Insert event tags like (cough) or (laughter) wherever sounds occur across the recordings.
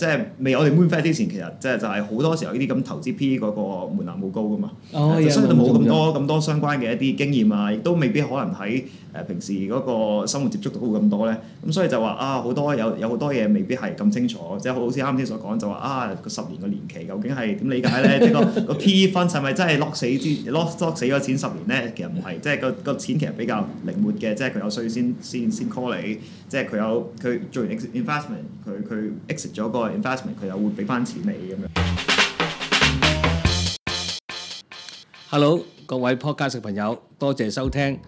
即係未有我哋 m o o n f a i r 之前，其實即係就係好多時候呢啲咁投資 P 嗰個門檻好高噶嘛，所以都冇咁多咁多相關嘅一啲經驗啊，亦都未必可能喺誒平時嗰個生活接觸到咁多咧，咁所以就話啊好多有有好多嘢未必係咁清楚，即係好似啱先所講就話啊個十年個年期究竟係點理解咧？即係個 P E 分係咪真係 lock 死支 lock lock 死個錢十年咧？其實唔係，即係個個錢其實比較靈活嘅，即係佢有衰先先先 call 你，即係佢有佢做完 investment 佢佢 exit 咗個 investment 佢又會俾翻錢你咁樣。Hello，各位 podcast 朋友，多謝收聽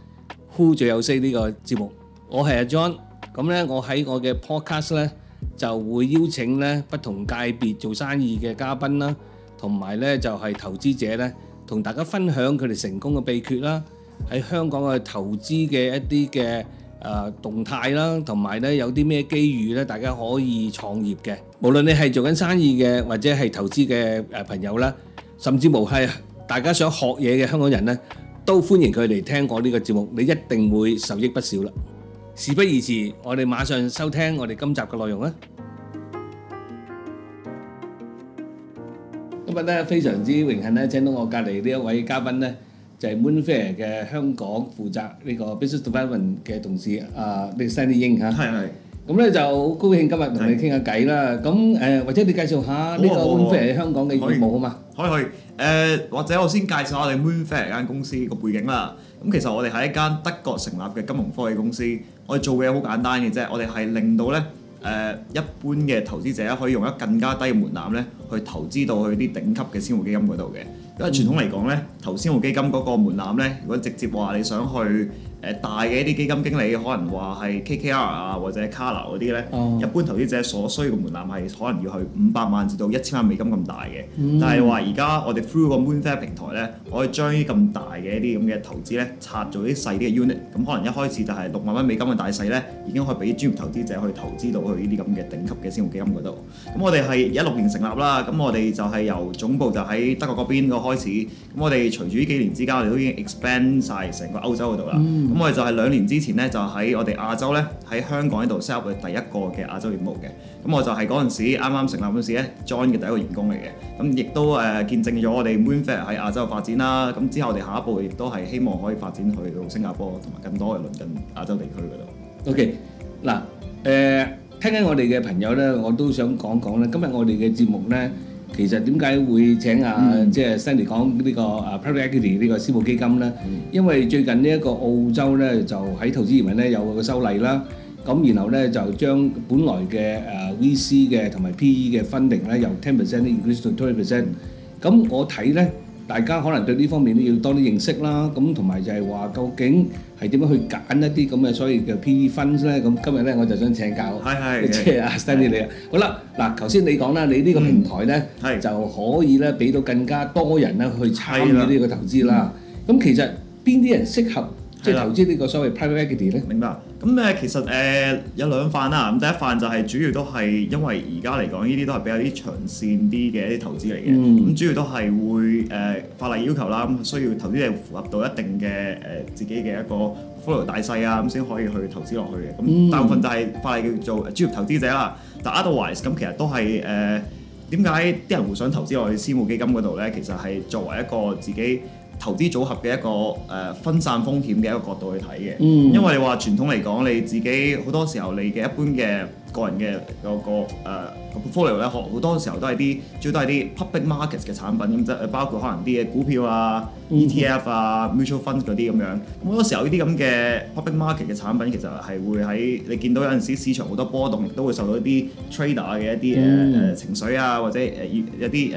Hu 最有 Say 呢個節目。我係阿 John，咁呢我喺我嘅 podcast 呢就會邀請呢不同界別做生意嘅嘉賓啦，同埋呢就係投資者呢，同大家分享佢哋成功嘅秘訣啦，喺香港嘅投資嘅一啲嘅。誒動態啦，同埋咧有啲咩機遇咧，大家可以創業嘅。無論你係做緊生意嘅，或者係投資嘅誒朋友啦，甚至無係大家想學嘢嘅香港人咧，都歡迎佢嚟聽我呢個節目，你一定會受益不少啦。事不宜遲，我哋馬上收聽我哋今集嘅內容啊！今日咧非常之榮幸咧，請到我隔離呢一位嘉賓咧。就係 Moonfare 嘅香港負責呢個 business development 嘅同事啊，Stanley Ng 吓。係係。咁咧就好高興今日同你傾下偈啦。咁誒，或者你介紹下呢個 Moonfare 香港嘅業務啊嘛？可以可以。誒，或者我先介紹下我哋 Moonfare 間公司個背景啦。咁其實我哋係一間德國成立嘅金融科技公司。我哋做嘢好簡單嘅啫。我哋係令到咧誒一般嘅投資者可以用一更加低門檻咧，去投資到去啲頂級嘅私募基金嗰度嘅。因為傳統嚟講咧，頭先個基金嗰個門檻咧，如果直接話你想去。誒大嘅一啲基金經理可能話係 KKR 啊或者 Carlyle 嗰啲咧，oh. 一般投資者所需嘅門檻係可能要去五百萬至到一千萬美金咁大嘅，mm. 但係話而家我哋 through 個 Moonfare 平台咧，可以將呢咁大嘅一啲咁嘅投資咧拆做啲細啲嘅 unit，咁可能一開始就係六萬蚊美金嘅大細咧，已經可以俾專業投資者去投資到去呢啲咁嘅頂級嘅私募基金嗰度。咁我哋係一六年成立啦，咁我哋就係由總部就喺德國嗰邊個開始，咁我哋隨住呢幾年之間，我哋都已經 expand 晒成個歐洲嗰度啦。Mm. 咁我就係兩年之前咧，就喺我哋亞洲咧，喺香港呢度 set up 嘅第一個嘅亞洲業務嘅。咁我就係嗰陣時啱啱成立嗰時咧，join 嘅第一個員工嚟嘅。咁亦都誒見證咗我哋 Moonfare 喺亞洲發展啦。咁之後我哋下一步亦都係希望可以發展去到新加坡同埋更多嘅鄰近亞洲地區嗰度。OK，嗱誒，聽緊我哋嘅朋友咧，我都想講講咧，今日我哋嘅節目咧。其實點解會請啊，嗯、即係 Sandy 講呢、這個啊、uh, Private Equity 呢個私募基金咧？嗯、因為最近呢一個澳洲咧，就喺投資移民咧有個修例啦。咁然後咧就將本來嘅誒、uh, VC 嘅同埋 PE 嘅分定咧，由 ten percent increase to twenty percent。咁我睇咧。大家可能對呢方面咧要多啲認識啦，咁同埋就係話究竟係點樣去揀一啲咁嘅所謂嘅 PE Funds 咧？咁今日咧我就想請教，即係阿 Stanley 你。好啦，嗱，頭先、嗯、你講啦，你呢個平台咧是就可以咧俾到更加多人咧去參與呢個投資啦。咁、嗯、其實邊啲人適合即係投資呢個所謂 private equity 咧？明白。咁誒其實誒有兩範啦，咁第一範就係主要都係因為而家嚟講，呢啲都係比較啲長線啲嘅一啲投資嚟嘅，咁、嗯、主要都係會誒法例要求啦，咁需要投資者符合到一定嘅誒自己嘅一個 flow 大細啊，咁先可以去投資落去嘅。咁、嗯、大部分就係法例叫做專業投資者啦，嗯、但 otherwise 咁其實都係誒點解啲人會想投資落去私募基金嗰度咧？其實係作為一個自己，投資組合嘅一個誒分散風險嘅一個角度去睇嘅，嗯、因為你話傳統嚟講，你自己好多時候你嘅一般嘅個人嘅有、嗰個 portfolio 咧，好、呃、好多時候都係啲主要都係啲 public market 嘅產品咁啫，包括可能啲嘅股票啊、ETF 啊、嗯、mutual fund 嗰啲咁樣。好多時候呢啲咁嘅 public market 嘅產品其實係會喺你見到有陣時市場好多波動，亦都會受到一啲 trader 嘅一啲誒誒情緒啊，或者誒有啲誒。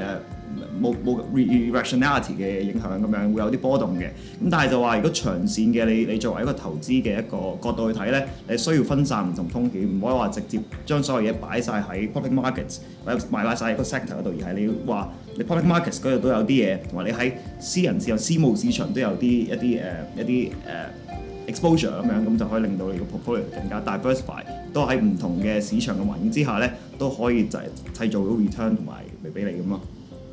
冇冇 reactionality 嘅影響咁樣，會有啲波動嘅。咁但係就話，如果長線嘅你你作為一個投資嘅一個角度去睇咧，你需要分散唔同風險，唔可以話直接將所有嘢擺晒喺 public markets 或者賣曬曬喺個 sector 嗰度，而係你話你 public markets 嗰度都有啲嘢，同埋你喺私人市、私募市場都有啲一啲誒一啲誒 exposure 咁樣，咁就可以令到你嘅 portfolio 更加 diversify 都喺唔同嘅市場嘅環境之下咧，都可以製製造到 return 同埋嚟俾你噶咯。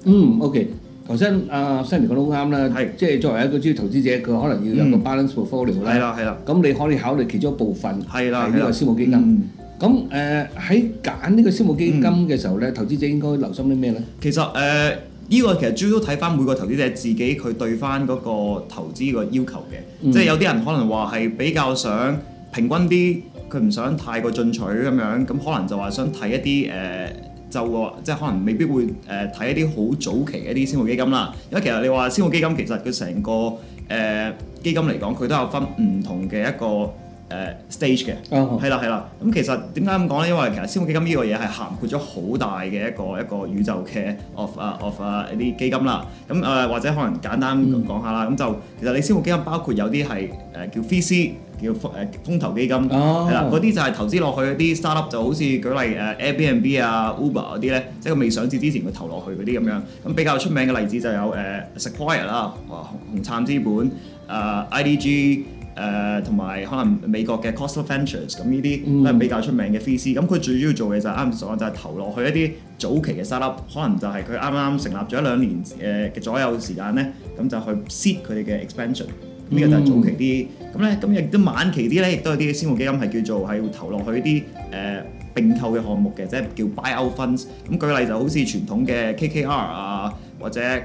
嗯，OK。頭先阿 Sammy 講得好啱啦，係即係作為一個專業投資者，佢可能要有一個 balance portfolio 啦。係啦、嗯，係啦。咁你可以考慮其中一部分係啦，呢的個私募基金。咁誒喺揀呢個私募基金嘅時候咧，嗯、投資者應該留心啲咩咧？其實誒，呢、呃這個其實主要都睇返每個投資者自己佢對返嗰個投資個要求嘅。嗯、即係有啲人可能話係比較想平均啲，佢唔想太過進取咁樣，咁可能就話想睇一啲誒。呃就即係可能未必會誒睇、呃、一啲好早期嘅一啲私募基金啦，因為其實你話私募基金其實佢成個誒、呃、基金嚟講，佢都有分唔同嘅一個。誒、uh, stage 嘅、uh，係啦係啦。咁其實點解咁講咧？因為其實私募基金呢個嘢係涵括咗好大嘅一個一個宇宙嘅 of 啊 of 啊一啲基金啦。咁誒、呃、或者可能簡單咁講下啦。咁就、uh huh. 其實你私募基金包括有啲係誒叫 VC 叫誒風投基金係啦。嗰啲、uh huh. 就係投資落去啲 startup 就好似舉例誒 Airbnb 啊 Uber 嗰啲咧，即、就、係、是、未上市之前佢投落去嗰啲咁樣。咁比較出名嘅例子就有誒、呃、Sequoia 啦，紅紅杉資本，誒、呃、IDG。ID G, 誒同埋可能美國嘅 Costa Ventures，咁呢啲都係比較出名嘅 VC，咁佢最主要做嘅就係啱先所講，就係、是、投落去一啲早期嘅 startup，可能就係佢啱啱成立咗一兩年誒嘅左右時間咧，咁就去 seed 佢哋嘅 expansion，呢個就係早期啲。咁咧，咁亦都晚期啲咧，亦都有啲私募基金係叫做係投落去一啲誒併購嘅項目嘅，即係叫 buyout funds。咁舉例就好似傳統嘅 KKR 啊。或者誒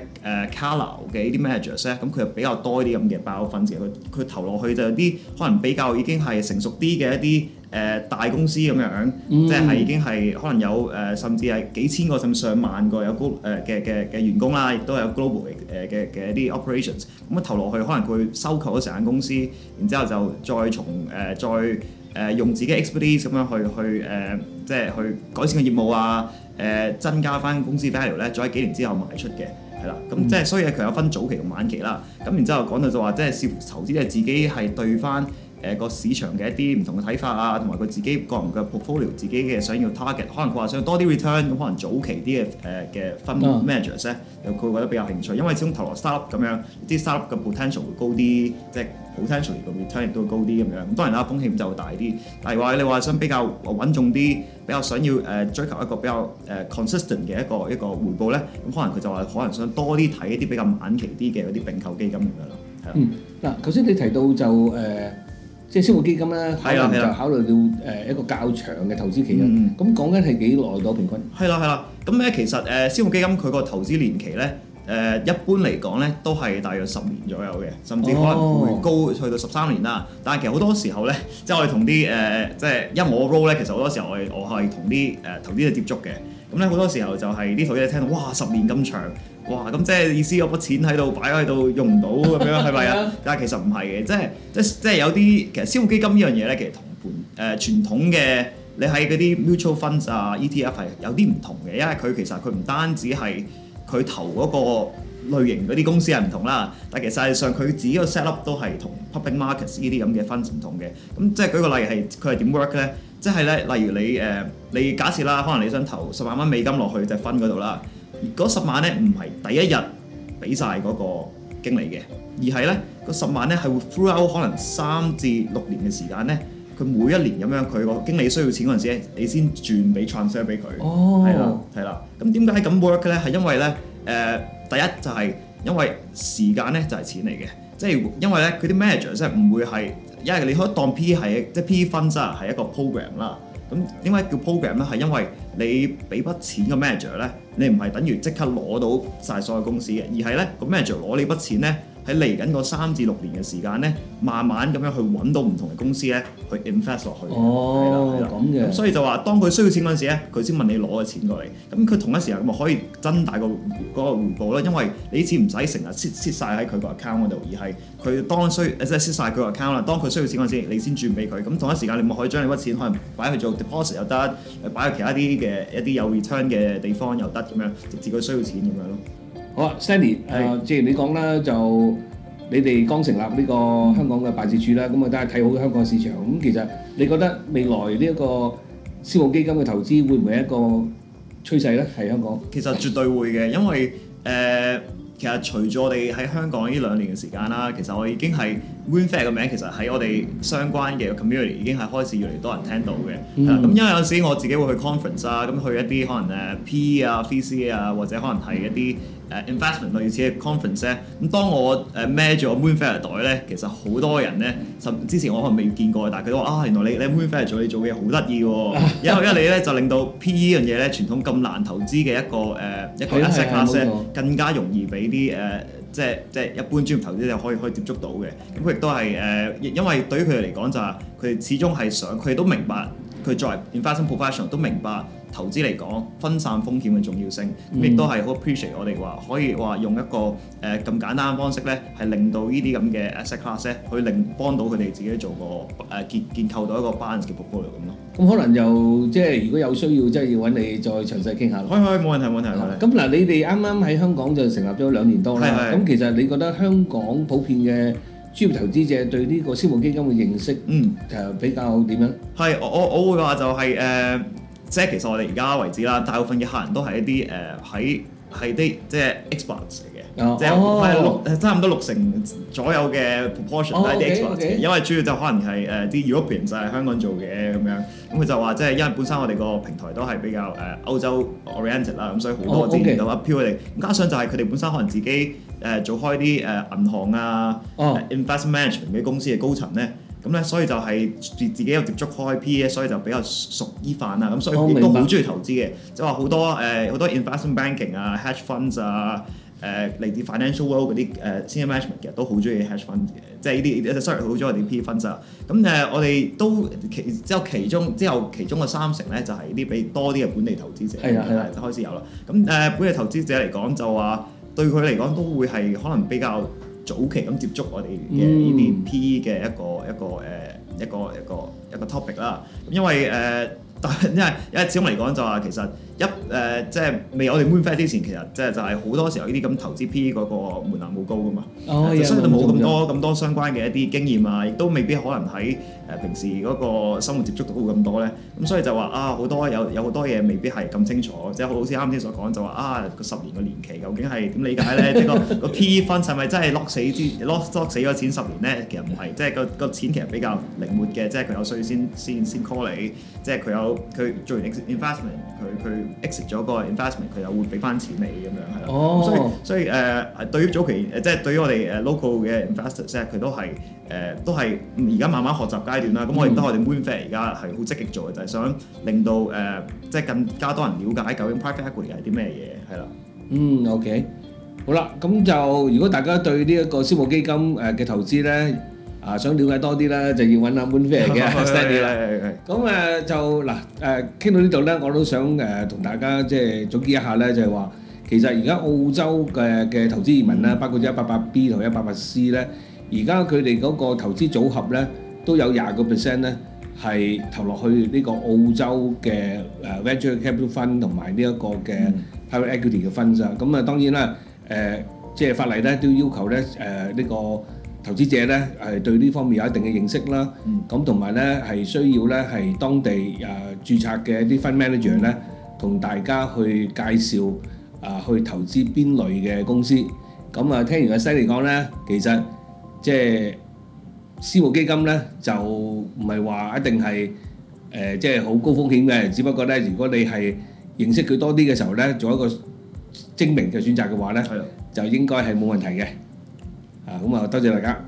Carlo 嘅呢啲 managers 咧，咁佢又比較多啲咁嘅爆分嘅，佢、佢投落去就有啲可能比較已經係成熟啲嘅一啲誒、呃、大公司咁樣，嗯、即係已經係可能有誒、呃、甚至係幾千個甚至上萬個有 global 嘅嘅嘅員工啦，亦都有 global 誒嘅嘅、呃、一啲 operations。咁啊投落去可能佢收購咗成間公司，然之後就再從誒、呃、再誒用自己 expertise 咁樣去去誒。呃即係去改善個業務啊，誒、呃、增加翻公司 value 咧，再喺幾年之後賣出嘅係啦。咁即係所以佢有分早期同晚期啦。咁然之後講到就話，即係視乎投資者自己係對翻誒個市場嘅一啲唔同嘅睇法啊，同埋佢自己個人嘅 portfolio，自己嘅想要 target，可能佢話想多啲 return，咁可能早期啲嘅誒嘅 fund managers 咧，佢、呃、會覺得比較興趣，因為始終投落 startup 咁樣啲 startup 嘅 potential 會高啲。即 potentially 個 return 都會高啲咁樣，當然啦，風險就會大啲。但係話你話想比較穩重啲，比較想要誒追求一個比較誒 consistent 嘅一個一個回報咧，咁可能佢就話可能想多啲睇一啲比較晚期啲嘅嗰啲並購基金咁樣咯。係啦。嗯，嗱，頭先你提到就誒，即係私募基金咧，係啦，係啦，考慮，考慮到誒一個較長嘅投資期嘅。咁講緊係幾耐個平均？係啦係啦。咁咧，嗯，其實誒私募基金佢個投資年期咧。誒、uh, 一般嚟講咧，都係大約十年左右嘅，甚至可能會高去到十三年啦。但係其實好多時候咧，即係我哋同啲誒，即係因為我 role 咧，其實好多時候我係我係同啲誒投資者接觸嘅。咁咧，好多時候就係啲投資人聽到哇，十年咁長，哇咁即係意思嗰筆錢喺度擺喺度用唔到咁樣係咪啊？ (laughs) 但係其實唔係嘅，即係即係即係有啲其實私募基金呢樣嘢咧，其實同盤誒傳統嘅你喺嗰啲 mutual funds 啊 ETF 係有啲唔同嘅，因為佢其實佢唔單止係。佢投嗰個類型嗰啲公司係唔同啦，但係實際上佢自己個 set up 都係同 public markets 呢啲咁嘅分唔同嘅。咁即係舉個例係，佢係點 work 咧？即係咧，例如你誒、呃，你假設啦，可能你想投十萬蚊美金落去就分嗰度啦。嗰十萬咧唔係第一日俾晒嗰個經理嘅，而係咧嗰十萬咧係會 throughout 可能三至六年嘅時間咧。佢每一年咁樣，佢個經理需要錢嗰陣時，你先轉俾 t r a n s 俾佢。哦，係啦，係啦。咁點解咁 work 咧？係因為咧，誒、呃，第一就係因為時間咧就係錢嚟嘅，即、就、係、是、因為咧佢啲 manager 即係唔會係，因為你可以當 PE 係即係 p 分身係一個 program 啦。咁點解叫 program 咧？係因為你俾筆錢個 manager 咧，你唔係等於即刻攞到晒所有公司嘅，而係咧個 manager 攞呢筆錢咧。喺嚟緊個三至六年嘅時間咧，慢慢咁樣去揾到唔同嘅公司咧，去 invest 落去。哦，係咯，係啦。咁、嗯、所以就話，當佢需要錢嗰陣時咧，佢先問你攞嘅錢過嚟。咁佢同一時間咁咪可以增大個嗰回報啦，因為你啲錢唔使成日 sit sit 曬喺佢個 account 嗰度，而係佢當需即係 sit 曬佢個 account 啦。當佢需要錢嗰陣時，你先轉俾佢。咁同一時間你咪可以將呢筆錢可能擺去做 deposit 又得，擺去其他啲嘅一啲有 return 嘅地方又得，咁樣直至佢需要錢咁樣咯。好啊 Stanley 啊，即係、呃、你講啦，就你哋剛成立呢個香港嘅辦事處啦，咁啊都係睇好香港市場。咁、嗯、其實你覺得未來呢一個私募基金嘅投資會唔會係一個趨勢咧？喺香港其實絕對會嘅，因為誒、呃，其實除咗我哋喺香港呢兩年嘅時間啦，其實我已經係 Moonfare 嘅名，其實喺我哋相關嘅 community 已經係開始越嚟越多人聽到嘅。咁、嗯、因為有時我自己會去 conference 啊，咁去一啲可能誒 PE 啊、VC 啊，或者可能係一啲。誒 investment 類似嘅 conference 咧，咁當我誒孭住個 Moonfare 袋咧，其實好多人咧，甚至之前我可能未見過，但係佢都話啊、哦，原來你你 Moonfare 做你做嘅嘢好得意喎，因為 (laughs) 因為你咧就令到 PE 呢樣嘢咧，傳統咁難投資嘅一個誒一個 asset class 咧，嗯嗯嗯嗯、更加容易俾啲誒即係即係一般專業投資者可以可以接觸到嘅。咁佢亦都係誒，因為對於佢哋嚟講就係佢哋始終係想，佢哋都明白。佢作為 investment professional 都明白投資嚟講分散風險嘅重要性，亦都係好 appreciate 我哋話可以話用一個誒咁、呃、簡單嘅方式咧，係令到呢啲咁嘅 asset class 咧，去令幫到佢哋自己做個誒建建構到一個 balance 嘅 portfolio 咁咯。咁可能又即係如果有需要，即係要搵你再詳細傾下。可以可以，冇問題冇問題。咁嗱，你哋啱啱喺香港就成立咗兩年多啦。係係。咁其實你覺得香港普遍嘅主要投資者對呢個私募基金嘅認識，嗯，嗯誒比較點樣？係我我我會話就係、是、誒、呃，即係其實我哋而家為止啦，大部分嘅客人都係一啲誒喺喺啲即係 expats 嚟嘅，即係係六差唔多六成左右嘅 proportion 都係啲 expats 嚟，哦、okay, okay, 因為主要就可能係誒啲 Europeans 喺香港做嘅咁樣，咁佢就話即係因為本身我哋個平台都係比較誒歐洲 oriented 啦，咁所以好多資源都一飄嚟，哦 okay、加上就係佢哋本身可能自己。誒做開啲誒銀行啊，investment management 嘅公司嘅高層咧，咁咧所以就係自自己有接觸開 P 嘅，所以就比較熟呢範啦。咁所以都好中意投資嘅，即係話好多誒好、呃、多 investment banking 啊、hedge funds 啊，誒、呃、嚟自 financial world 嗰啲 management 嘅都好中意 hedge fund 嘅，即係呢啲 sorry 好中意啲 P Funds 啦。咁誒我哋都其之後其中之後其中嘅三成咧就係、是、啲比多啲嘅本地投資者就開始有啦。咁誒本地投資者嚟講就話。對佢嚟講都會係可能比較早期咁接觸我哋嘅呢啲 PE 嘅一個、嗯、一個誒一個、呃、一個一個，一個 topic 啦，因為誒，但係因為因為始終嚟講就話其實。一誒、呃，即係未有我哋 Moonfare 之前，其實即係就係好多時候呢啲咁投資 P 嗰個門檻好高噶嘛，所以都冇咁多咁了多相關嘅一啲經驗啊，亦都未必可能喺誒平時嗰個生活接觸到咁多咧，咁所以就話啊好多有有好多嘢未必係咁清楚，即係好似啱先所講就話啊個十年個年期究竟係點理解咧？ (laughs) 即係個 PE fund 係咪真係 lock 死支 lock lock 死個錢十年咧？其實唔係，即係個個錢其實比較靈活嘅，即係佢有稅先先先，先 call 你，即係佢有佢做完 investment 佢佢。Exit 咗個 investment，佢又會俾翻錢你，咁樣係啦，咁、oh. 所以所以誒、呃、對於早期誒即係對於、呃、我哋誒 local 嘅 investors 咧，佢、呃、都係誒都係而家慢慢學習階段啦。咁、mm hmm. 我亦都我哋 Moonfare 而家係好積極做嘅，就係、是、想令到誒、呃、即係更加多人了解究竟 private equity 係啲咩嘢係啦。嗯、mm hmm.，OK，好啦，咁就如果大家對呢一個私募基金誒嘅投資咧。啊，想了解多啲咧，就要揾阿 Moonfare 嘅，steady 啦。咁誒就嗱誒傾到呢度咧，我都想誒同大家即係總結一下咧，就係話其實而家澳洲嘅嘅投資移民啦，包括一八八 B 同一八八 C 咧，而家佢哋嗰個投資組合咧都有廿個 percent 咧係投落去呢個澳洲嘅誒 venture capital fund 同埋呢一個嘅 private equity 嘅 fund 啊。咁啊當然啦，誒即係法例咧都要求咧誒呢個，投資者咧係對呢方面有一定嘅認識啦，咁同埋咧係需要咧係當地誒註冊嘅一啲 fund manager 咧，同大家去介紹啊，去投資邊類嘅公司。咁啊，聽完阿西尼講咧，其實即係私募基金咧就唔係話一定係誒即係好高風險嘅，只不過咧如果你係認識佢多啲嘅時候咧，做一個精明嘅選擇嘅話咧，就應該係冇問題嘅。啊，咁啊，多謝大家。